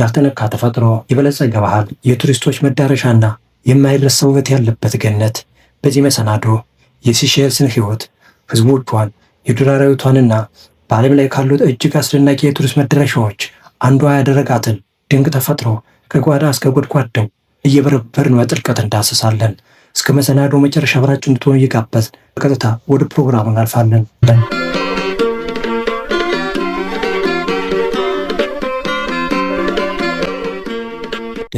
ያልተነካ ተፈጥሮ፣ የበለጸገ ባህል፣ የቱሪስቶች መዳረሻና የማይረሳ ውበት ያለበት ገነት። በዚህ መሰናዶ የሲሼልስን ህይወት፣ ህዝቦቿን፣ የዱር አራዊቷንና በዓለም ላይ ካሉት እጅግ አስደናቂ የቱሪስት መዳረሻዎች አንዷ ያደረጋትን ድንቅ ተፈጥሮ ከጓዳ እስከ ጎድጓደው እየበረበርን በጥልቀት እንዳስሳለን። እስከ መሰናዶ መጨረሻ አብራችሁ እንድትሆኑ እየጋበዝን በቀጥታ ወደ ፕሮግራሙ እናልፋለን።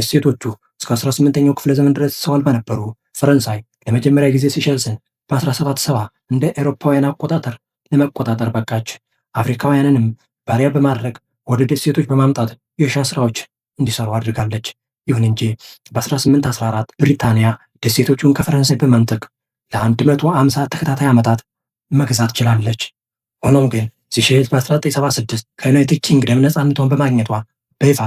ደሴቶቹ እስከ 18ኛው ክፍለ ዘመን ድረስ ሰው አልባ ነበሩ። ፈረንሳይ ለመጀመሪያ ጊዜ ሲሸልስን በ1770 እንደ ኤሮፓውያን አቆጣጠር ለመቆጣጠር በቃች። አፍሪካውያንንም ባሪያ በማድረግ ወደ ደሴቶች በማምጣት የእርሻ ስራዎች እንዲሰሩ አድርጋለች። ይሁን እንጂ በ1814 ብሪታንያ ደሴቶቹን ከፈረንሳይ በመንጠቅ ለ150 ተከታታይ ዓመታት መግዛት ችላለች። ሆኖም ግን ሲሸልስ በ1976 ከዩናይትድ ኪንግደም ነፃነቷን በማግኘቷ በይፋ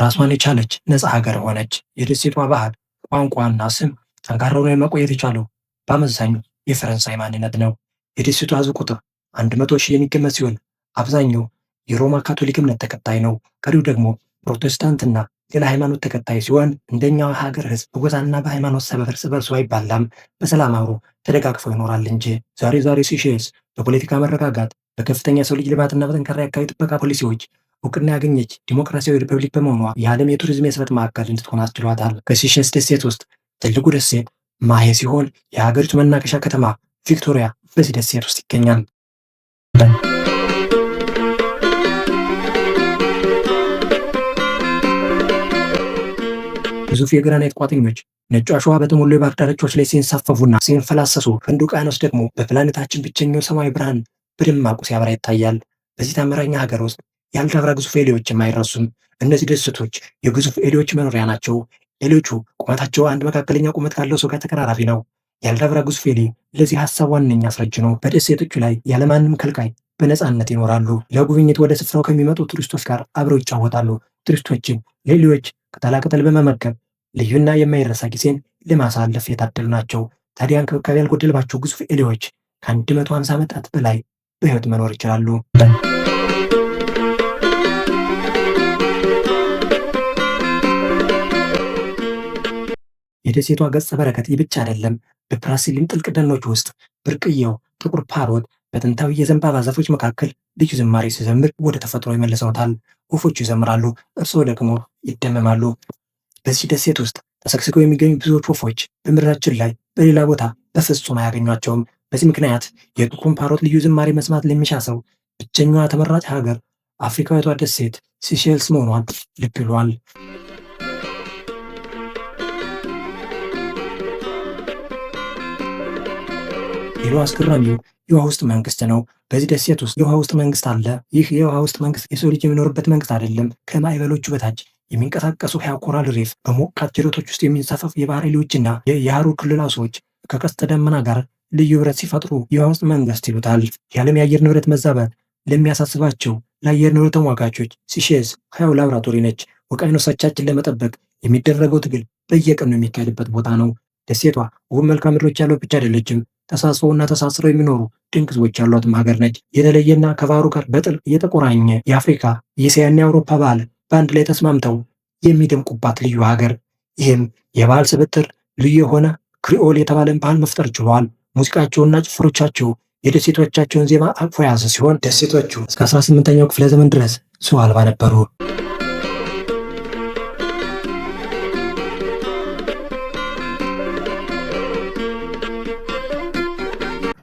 ራሷን የቻለች ነፃ ሀገር ሆነች። የደሴቷ ባህል፣ ቋንቋና ስም ጠንካራ ሆኖ መቆየት የቻለው በአመዛኙ የፈረንሳይ ማንነት ነው። የደሴቷ ሕዝብ ቁጥር አንድ መቶ ሺህ የሚገመት ሲሆን አብዛኛው የሮማ ካቶሊክ እምነት ተከታይ ነው። ቀሪው ደግሞ ፕሮቴስታንትና ሌላ ሃይማኖት ተከታይ ሲሆን እንደኛ ሀገር ህዝብ በጎሳና በሃይማኖት ሰበብ እርስ በርሱ አይባላም፣ በሰላም አብሮ ተደጋግፎ ይኖራል እንጂ ዛሬ ዛሬ ሲሼልስ በፖለቲካ መረጋጋት፣ በከፍተኛ ሰው ልጅ ልማትና በጠንካራ የአካባቢ ጥበቃ ፖሊሲዎች እውቅና ያገኘች ዲሞክራሲያዊ ሪፐብሊክ በመሆኗ የዓለም የቱሪዝም የስበት ማዕከል እንድትሆን አስችሏታል። ከሲሸልስ ደሴት ውስጥ ትልቁ ደሴት ማሄ ሲሆን የሀገሪቱ መናገሻ ከተማ ቪክቶሪያ በዚህ ደሴት ውስጥ ይገኛል። ግዙፍ የግራናይት ቋጥኞች ነጩ አሸዋ በተሞሉ የባህር ዳርቻዎች ላይ ሲንሳፈፉና ሲንፈላሰሱ፣ ህንዱ ውቅያኖስ ደግሞ በፕላኔታችን ብቸኛው ሰማያዊ ብርሃን በደማቁ ሲያበራ ይታያል። በዚህ ታምረኛ ሀገር ውስጥ ያልዳብራ ግዙፍ ኤሌዎችም አይረሱም። እነዚህ ደሴቶች የግዙፍ ኤሌዎች መኖሪያ ናቸው። ኤሌዎቹ ቁመታቸው አንድ መካከለኛ ቁመት ካለው ሰው ጋር ተቀራራቢ ነው። ያልዳብራ ግዙፍ ኤሌ ለዚህ ሀሳብ ዋነኛ አስረጅ ነው። በደሴቶቹ ላይ ያለማንም ከልካይ በነፃነት ይኖራሉ። ለጉብኝት ወደ ስፍራው ከሚመጡ ቱሪስቶች ጋር አብረው ይጫወታሉ። ቱሪስቶችን ለኤሌዎች ቅጠላቅጠል በመመገብ ልዩና የማይረሳ ጊዜን ለማሳለፍ የታደሉ ናቸው። ታዲያ እንክብካቤ ያልጎደልባቸው ግዙፍ ኤሌዎች ከአንድ መቶ ሃምሳ ዓመታት በላይ በህይወት መኖር ይችላሉ። የደሴቷ ገጸ በረከት ይህ ብቻ አይደለም። በፕራሲሊም ጥልቅ ደኖች ውስጥ ብርቅየው ጥቁር ፓሮት በጥንታዊ የዘንባባ ዛፎች መካከል ልዩ ዝማሬ ሲዘምር ወደ ተፈጥሮ ይመልሰውታል። ወፎቹ ይዘምራሉ፣ እርስዎ ደግሞ ይደመማሉ። በዚህ ደሴት ውስጥ ተሰግስገው የሚገኙ ብዙዎች ወፎች በምድራችን ላይ በሌላ ቦታ በፍጹም አያገኟቸውም። በዚህ ምክንያት የጥቁሩን ፓሮት ልዩ ዝማሬ መስማት ለሚሻ ሰው ብቸኛዋ ተመራጭ ሀገር አፍሪካዊቷ ደሴት ሲሼልስ መሆኗን ልብ ይሏል። ሌላው አስገራሚው የውሃ ውስጥ መንግስት ነው። በዚህ ደሴት ውስጥ የውሃ ውስጥ መንግስት አለ። ይህ የውሃ ውስጥ መንግስት የሰው ልጅ የሚኖርበት መንግስት አይደለም። ከማዕበሎቹ በታች የሚንቀሳቀሱ ሀያ ኮራል ሪፍ፣ በሞቃት ጅረቶች ውስጥ የሚንሳፈፉ የባህር ሌዎችና የያሩ ክልል አሳዎች ከቀስተ ደመና ጋር ልዩ ህብረት ሲፈጥሩ የውሃ ውስጥ መንግስት ይሉታል። የዓለም የአየር ንብረት መዛባት ለሚያሳስባቸው ለአየር ንብረት ተሟጋቾች ሲሼዝ ሀያው ላብራቶሪ ነች። ውቅያኖሶቻችንን ለመጠበቅ የሚደረገው ትግል በየቀኑ የሚካሄድበት ቦታ ነው። ደሴቷ ውብ መልክዓ ምድሮች ያለው ብቻ አይደለችም። ተሳስበውና ተሳስረው የሚኖሩ ድንቅ ህዝቦች ያሏትም ሀገር ነች። የተለየና ከባህሩ ጋር በጥል የተቆራኘ የአፍሪካ የእስያና የአውሮፓ ባህል በአንድ ላይ ተስማምተው የሚደምቁባት ልዩ ሀገር። ይህም የባህል ስብጥር ልዩ የሆነ ክሪኦል የተባለን ባህል መፍጠር ችሏል። ሙዚቃቸውና ጭፈሮቻቸው የደሴቶቻቸውን ዜማ አቅፎ የያዘ ሲሆን ደሴቶቹ እስከ 18ኛው ክፍለ ዘመን ድረስ ሰው አልባ ነበሩ።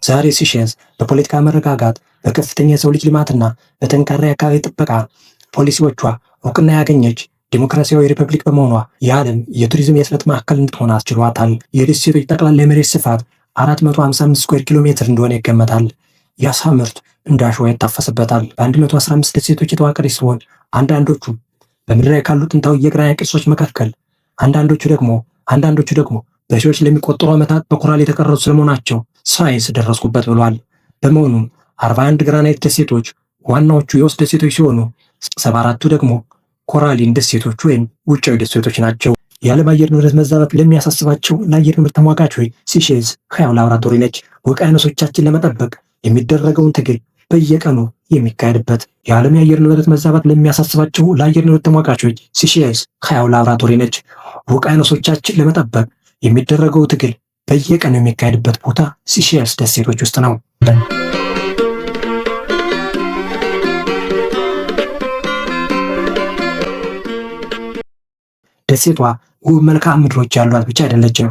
ዛሬ ሲሸዝ በፖለቲካ መረጋጋት፣ በከፍተኛ የሰው ልጅ ልማትና በጠንካራ የአካባቢ ጥበቃ ፖሊሲዎቿ እውቅና ያገኘች ዲሞክራሲያዊ ሪፐብሊክ በመሆኗ የዓለም የቱሪዝም የስበት ማዕከል እንድትሆን አስችሏታል። የደሴቶች ጠቅላላ የመሬት ስፋት 455 ስኩዌር ኪሎ ሜትር እንደሆነ ይገመታል። የአሳ ምርት እንደ አሸዋ ይታፈስበታል። በ115 ደሴቶች የተዋቀረች ሲሆን አንዳንዶቹ በምድር ላይ ካሉ ጥንታዊ የግራና ቅርሶች መካከል አንዳንዶቹ ደግሞ አንዳንዶቹ ደግሞ በሺዎች ለሚቆጠሩ ዓመታት በኮራል የተቀረጹ ስለመሆናቸው ሳይንስ ደረስኩበት ብሏል። በመሆኑም 41 ግራናይት ደሴቶች ዋናዎቹ የውስጥ ደሴቶች ሲሆኑ 74ቱ ደግሞ ኮራሊን ደሴቶች ወይም ውጫዊ ደሴቶች ናቸው። የዓለም አየር ንብረት መዛባት ለሚያሳስባቸው ለአየር ንብረት ተሟጋቾች ሲሼዝ ሕያው ላብራቶሪ ነች። ውቅያኖሶቻችን ለመጠበቅ የሚደረገውን ትግል በየቀኑ የሚካሄድበት የዓለም የአየር ንብረት መዛባት ለሚያሳስባቸው ለአየር ንብረት ተሟጋቾች ሲሼዝ ሕያው ላብራቶሪ ነች። ውቅያኖሶቻችን ለመጠበቅ የሚደረገው ትግል በየቀኑ የሚካሄድበት ቦታ ሲሼልስ ደሴቶች ውስጥ ነው። ደሴቷ ውብ መልክዓ ምድሮች ያሏት ብቻ አይደለችም።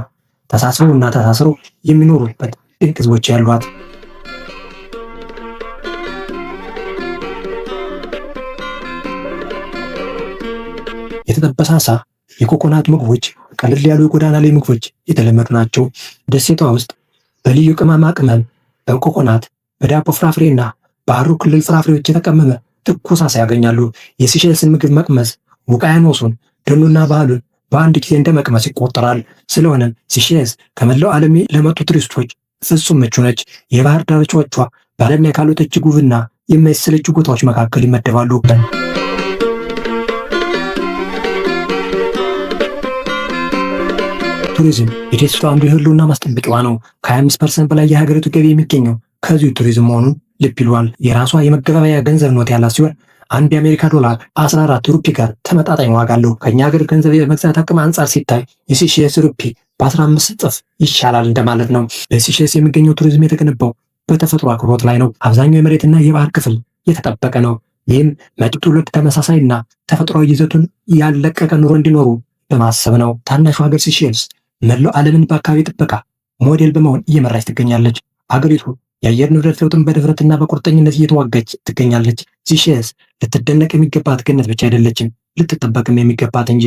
ተሳስበው እና ተሳስረው የሚኖሩበት ድንቅ ህዝቦች ያሏት የተጠበሰ አሳ የኮኮናት ምግቦች፣ ቀለል ያሉ የጎዳና ላይ ምግቦች የተለመዱ ናቸው። ደሴቷ ውስጥ በልዩ ቅመማ ቅመም፣ በኮኮናት፣ በዳቦ ፍራፍሬና በሐሩር ክልል ፍራፍሬዎች የተቀመመ ትኩስ አሳ ያገኛሉ። የሲሸልስን ምግብ መቅመስ ውቅያኖሱን ደኑና ባህሉን በአንድ ጊዜ እንደ መቅመስ ይቆጠራል። ስለሆነም ሲሸልስ ከመላው ዓለም ለመጡ ቱሪስቶች ፍጹም ምቹ ነች። የባህር ዳርቻዎቿ በዓለም ላይ ካሉት እጅግ ውብና የማይሰለቹ ቦታዎች መካከል ይመደባሉ። ቱሪዝም የደሴቷ አንዱ የህልውና ማስጠበቂዋ ነው። ከ25 ፐርሰንት በላይ የሀገሪቱ ገቢ የሚገኘው ከዚሁ ቱሪዝም መሆኑን ልብ ይሏል። የራሷ የመገበያያ ገንዘብ ኖት ያላት ሲሆን አንድ የአሜሪካ ዶላር 14 ሩፒ ጋር ተመጣጣኝ ዋጋ አለው። ከእኛ ሀገር ገንዘብ የመግዛት አቅም አንጻር ሲታይ የሲሼልስ ሩፒ በ15 እጥፍ ይሻላል እንደማለት ነው። በሲሼልስ የሚገኘው ቱሪዝም የተገነባው በተፈጥሮ አክብሮት ላይ ነው። አብዛኛው የመሬትና የባህር ክፍል የተጠበቀ ነው። ይህም መጪው ትውልድ ተመሳሳይና ተፈጥሯዊ ይዘቱን ያለቀቀ ኑሮ እንዲኖሩ በማሰብ ነው። ታናሹ ሀገር ሲሼልስ መላው ዓለምን በአካባቢ ጥበቃ ሞዴል በመሆን እየመራች ትገኛለች። አገሪቱ የአየር ንብረት ለውጥን በድፍረትና በቁርጠኝነት እየተዋጋች ትገኛለች። ሲሼልስ ልትደነቅ የሚገባት ገነት ብቻ አይደለችም፣ ልትጠበቅም የሚገባት እንጂ።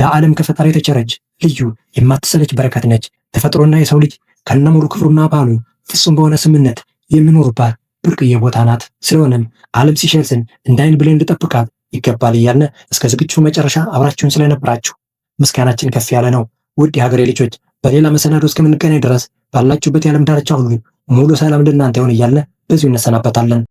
ለዓለም ከፈጣሪ የተቸረች ልዩ የማትሰለች በረከት ነች። ተፈጥሮና የሰው ልጅ ከነሙሉ ክብሩና ባህሉ ፍጹም በሆነ ስምነት የሚኖሩባት ብርቅዬ ቦታ ናት። ስለሆነም ዓለም ሲሸንፍን እንዳይን ብለን ልጠብቃት ይገባል እያልን እስከ ዝግጁ መጨረሻ አብራችሁን ስለነበራችሁ ምስጋናችን ከፍ ያለ ነው። ውድ የሀገሬ ልጆች በሌላ መሰናዶ እስከምንገናኝ ድረስ ባላችሁበት የዓለም ዳርቻ ሁሉ ሙሉ ሰላም ለእናንተ ይሆን እያልን በዚሁ እነሰናበታለን።